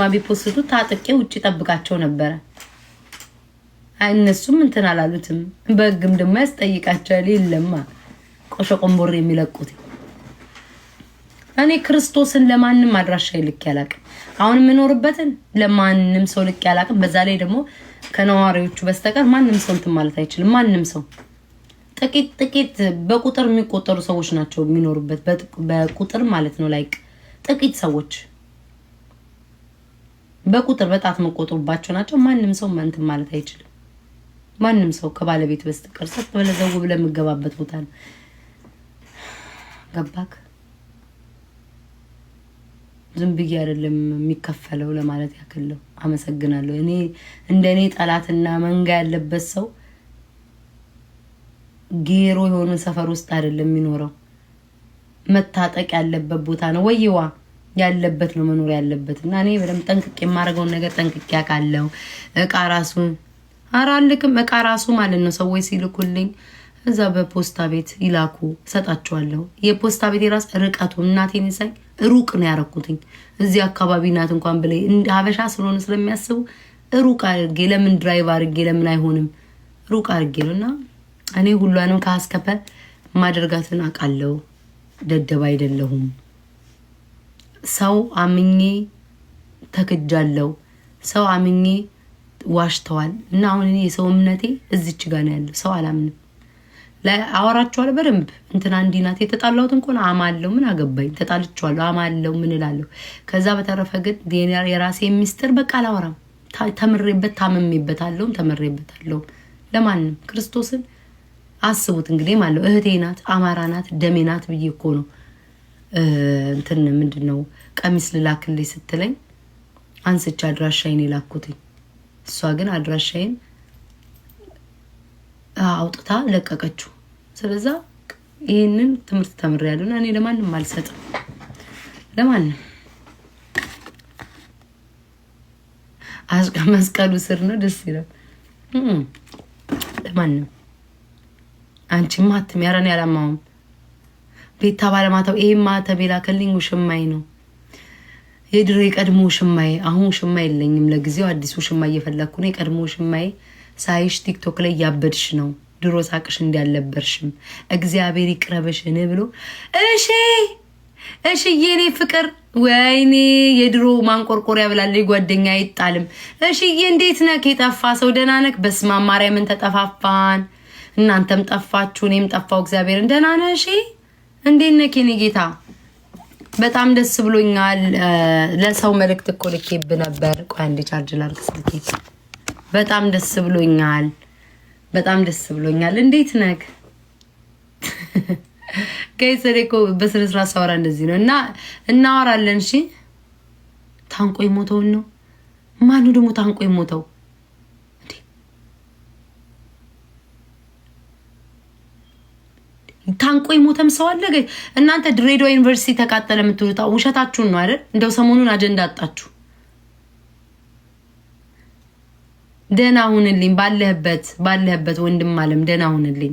ማ ቢፖስቱ ታጥቄ ውጭ ጠብቃቸው ነበረ። እነሱም እንትን አላሉትም። በህግም ድማ ያስጠይቃቸዋል። የለማ ቆሸ ቆንቦር የሚለቁት እኔ ክርስቶስን ለማንም አድራሻ ልኬ አላቅም። አሁን የምኖርበትን ለማንም ሰው ልክ አላቅም። በዛ ላይ ደግሞ ከነዋሪዎቹ በስተቀር ማንም ሰው እንትን ማለት አይችልም። ማንም ሰው ጥቂት ጥቂት በቁጥር የሚቆጠሩ ሰዎች ናቸው የሚኖሩበት፣ በቁጥር ማለት ነው። ላይቅ ጥቂት ሰዎች በቁጥር በጣት መቆጥሩባቸው ናቸው። ማንም ሰው መንትን ማለት አይችልም። ማንም ሰው ከባለቤት በስተቀር ሰጥ ብለህ ዘው ብለህ የምገባበት ቦታ ነው። ገባክ? ዝም ብዬ አይደለም የሚከፈለው ለማለት ያክለው። አመሰግናለሁ። እኔ እንደ እኔ ጠላትና መንጋ ያለበት ሰው ጌሮ የሆነ ሰፈር ውስጥ አይደለም የሚኖረው። መታጠቅ ያለበት ቦታ ነው ወይዋ ያለበት ነው መኖር ያለበት እና እኔ በደንብ ጠንቅቄ የማደርገውን ነገር ጠንቅቄ አውቃለሁ። እቃ ራሱ አራልክም እቃ ራሱ ማለት ነው ሰዎች ሲልኩልኝ እዛ በፖስታ ቤት ይላኩ እሰጣቸዋለሁ። የፖስታ ቤት የራስ ርቀቱ እናቴ ንሳኝ ሩቅ ነው ያረኩትኝ እዚህ አካባቢ ናት እንኳን ብለ እንደ ሀበሻ ስለሆነ ስለሚያስቡ ሩቅ አድርጌ ለምን ድራይቭ አድርጌ ለምን አይሆንም ሩቅ አድርጌ ነው እና እኔ ሁሏንም ከአስከፈ ማደርጋትን አውቃለሁ። ደደብ አይደለሁም። ሰው አምኜ ተክጃለሁ፣ ሰው አምኜ ዋሽተዋል እና አሁን እኔ የሰው እምነቴ እዚች ጋ ነው ያለው። ሰው አላምንም። አወራቸዋል በደንብ እንትና እንዲህ ናት የተጣላሁት እንኳን አማለው ምን አገባኝ፣ ተጣልቼዋለሁ፣ አማለው ምን እላለሁ። ከዛ በተረፈ ግን የራሴ ሚስጥር በቃ አላወራም። ተምሬበት ታመሜበት አለውም ተምሬበት አለውም ለማንም ክርስቶስን አስቡት እንግዲህ ማለት እህቴ ናት፣ አማራ ናት፣ ደሜ ናት ብዬ እኮ ነው እንትን ምንድን ነው ቀሚስ ልላክልኝ ስትለኝ አንስቼ አድራሻዬን የላኩትኝ። እሷ ግን አድራሻዬን አውጥታ ለቀቀችው። ስለዛ ይህንን ትምህርት ተምሬያለሁ እና እኔ ለማንም አልሰጥም፣ ለማንም መስቀሉ ስር ነው ደስ ይላል። ለማንም አንቺ ማትም ያረን ያላማውም ቤታ ባለማተብ ይህ ማተብ የላከልኝ ውሽማዬ ነው። የድሮ የቀድሞ ውሽማዬ። አሁን ውሽማ የለኝም ለጊዜው፣ አዲስ ውሽማ እየፈለግኩ ነው። የቀድሞ ውሽማዬ ሳይሽ ቲክቶክ ላይ እያበድሽ ነው። ድሮ ሳቅሽ እንዲያልነበርሽም እግዚአብሔር ይቅረብሽን ብሎ እሺ እሺ የኔ ፍቅር ወይኔ የድሮ ማንቆርቆሪያ ብላለ ጓደኛ አይጣልም። እሽዬ እንዴት ነክ? የጠፋ ሰው ደህና ነክ? በስመ አብ ማርያምን ተጠፋፋን፣ እናንተም ጠፋችሁ፣ እኔም ጠፋው። እግዚአብሔርን ደህና ነህ? እሺ እንዴት ነህ የኔ ጌታ? በጣም ደስ ብሎኛል። ለሰው መልእክት እኮ ልኬብ ነበር። ቆይ አንዴ ቻርጅ ላድርግ ስልኬ። በጣም ደስ ብሎኛል። በጣም ደስ ብሎኛል። እንዴት ነህ ከይሰሬ እኮ በስነ ስርዓት ሳወራ እንደዚህ ነው እና እናወራለን። እሺ ታንቆ የሞተውን ነው ማኑ ደግሞ ታንቆ የሞተው ታንቆ የሞተም ሰው አለ። እናንተ ድሬዳዋ ዩኒቨርሲቲ ተቃጠለ የምትሉት ውሸታችሁን ነው አይደል? እንደው ሰሞኑን አጀንዳ አጣችሁ። ደህና ሁንልኝ፣ ባለህበት ባለህበት ወንድም አለም ደህና ሁንልኝ።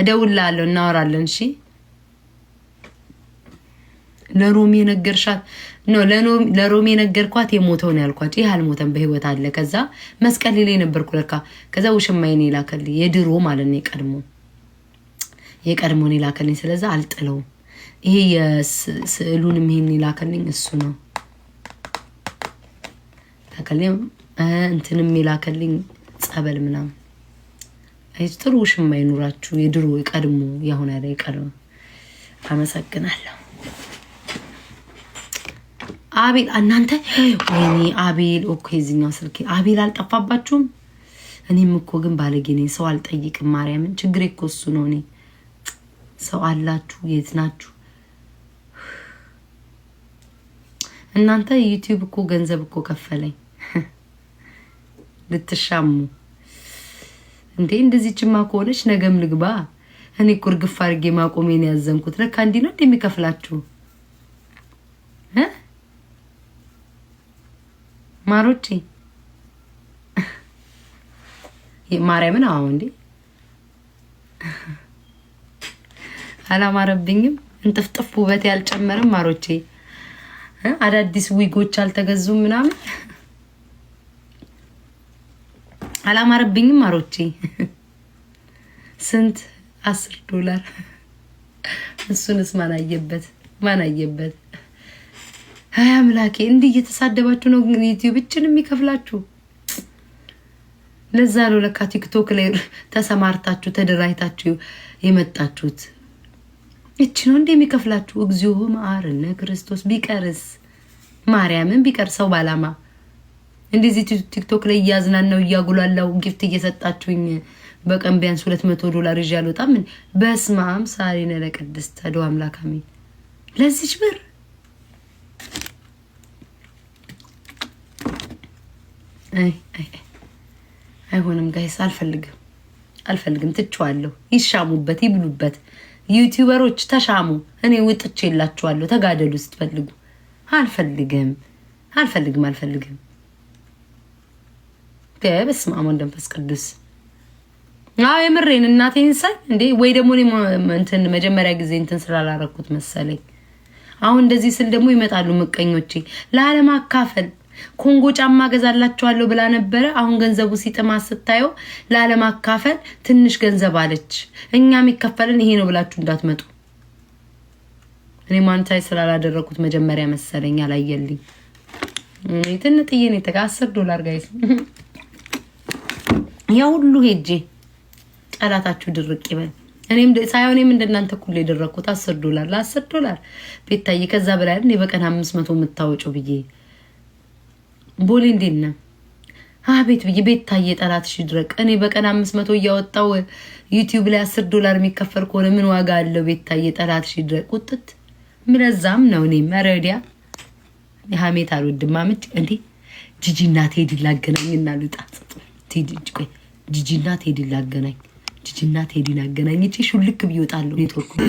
እደውልልሃለሁ፣ እናወራለን። እሺ ለሮሚ የነገርሻት ኖ ለሮሚ የነገርኳት የሞተውን ያልኳት ይህ አልሞተም፣ በህይወት አለ። ከዛ መስቀል ላይ ነበርኩ ለካ። ከዛ ውሽማዬን የላከልኝ የድሮ ማለት ነው የቀድሞው የቀድሞን የላከልኝ ስለዛ አልጥለውም። ይሄ የስዕሉንም ይሄን የላከልኝ እሱ ነው ተከሌም እንትንም የላከልኝ ጸበል ምናምን ጥሩ ውሽማ ይኑራችሁ። የድሮ የቀድሞ የሆነ ያለ የቀድሞ አመሰግናለሁ። አቤል እናንተ ወይኔ አቤል ኦኬ፣ የዚኛው ስልክ አቤል አልጠፋባችሁም? እኔም እኮ ግን ባለጌ ነኝ፣ ሰው አልጠይቅም። ማርያምን ችግሬ እኮ እሱ ነው እኔ ሰው አላችሁ፣ የት ናችሁ እናንተ? ዩቲዩብ እኮ ገንዘብ እኮ ከፈለኝ ልትሻሙ እንዴ? እንደዚህችማ ከሆነች ነገም ልግባ። እኔ እኮ እርግፍ አድርጌ ማቆሜን ያዘንኩት። ለካ እንዲህ ነው እንደሚከፍላችሁ ማሮቼ ማርያምን አዎ እንዴ አላማረብኝም። እንጥፍጥፍ ውበት ያልጨመርም ማሮቼ አዳዲስ ዊጎች አልተገዙም ምናምን አላማረብኝም ማሮቼ። ስንት አስር ዶላር እሱንስ ማን አየበት? ማን አየበት? አይ አምላኬ፣ እንዲህ እየተሳደባችሁ ነው ግን ዩቲዩብችን የሚከፍላችሁ። ለዛ ነው ለካ ቲክቶክ ላይ ተሰማርታችሁ ተደራጅታችሁ የመጣችሁት። እች ነው እንደ የሚከፍላችሁ። እግዚኦ መሐረነ ክርስቶስ። ቢቀርስ ማርያምን ቢቀር ሰው ባላማ እንደዚህ ቲክቶክ ላይ እያዝናናው እያጉላላው ጊፍት እየሰጣችሁኝ በቀን ቢያንስ ሁለት መቶ ዶላር ይዤ አልወጣም። በስመ አብ ሳሪነ ለቅድስት ተዶ አምላክ አሜን። ለዚች ብር አይሆንም ጋይስ፣ አልፈልግም አልፈልግም፣ ትችዋለሁ። ይሻሙበት፣ ይብሉበት። ዩቲዩበሮች ተሻሙ። እኔ ውጥቼ የላችኋለሁ። ተጋደሉ ስትፈልጉ። አልፈልግም አልፈልግም አልፈልግም። በስመ አብ ወመንፈስ ቅዱስ። አዎ የምሬን እናቴን ሳይ እንዴ! ወይ ደግሞ እንትን መጀመሪያ ጊዜ እንትን ስላላረኩት መሰለኝ። አሁን እንደዚህ ስል ደግሞ ይመጣሉ ምቀኞቼ ለአለም አካፈል ኮንጎ ጫማ ገዛላችኋለሁ ብላ ነበረ። አሁን ገንዘቡ ሲጥማ ስታየው ላለማካፈል ትንሽ ገንዘብ አለች። እኛ የሚከፈልን ይሄ ነው ብላችሁ እንዳትመጡ። እኔ ማንታይ ስላላደረኩት መጀመሪያ መሰለኝ አላየልኝ። ትንጥዬ ነው የተጋ አስር ዶላር ጋይስ፣ ያ ሁሉ ሄጄ ጠላታችሁ ድርቅ ይበል። እኔም ሳይሆን እኔም እንደናንተ እኩል የደረግኩት አስር ዶላር ለአስር ዶላር ቤታዬ፣ ከዛ በላይ በቀን አምስት መቶ የምታወጩ ብዬ ቦሌ እንዴት ነ አቤት ብዬ ቤት ታየ ጠላትሽ ድረቅ። እኔ በቀን አምስት መቶ እያወጣው ዩቲዩብ ላይ አስር ዶላር የሚከፈል ከሆነ ምን ዋጋ አለው? ቤት ታየ ጠላትሽ ድረቅ። ቁጥት ምለዛም ነው እኔ መረዲያ ሀሜት አልወድም። ምጭ እንዴ ጂጂና ቴዲ ላገናኝ እና ልውጣ። ቆይ ጂጂና ቴዲ ላገናኝ፣ ጂጂና ቴዲን አገናኝቼ ሹልክ ብዬ እወጣለሁ ኔትወርኩ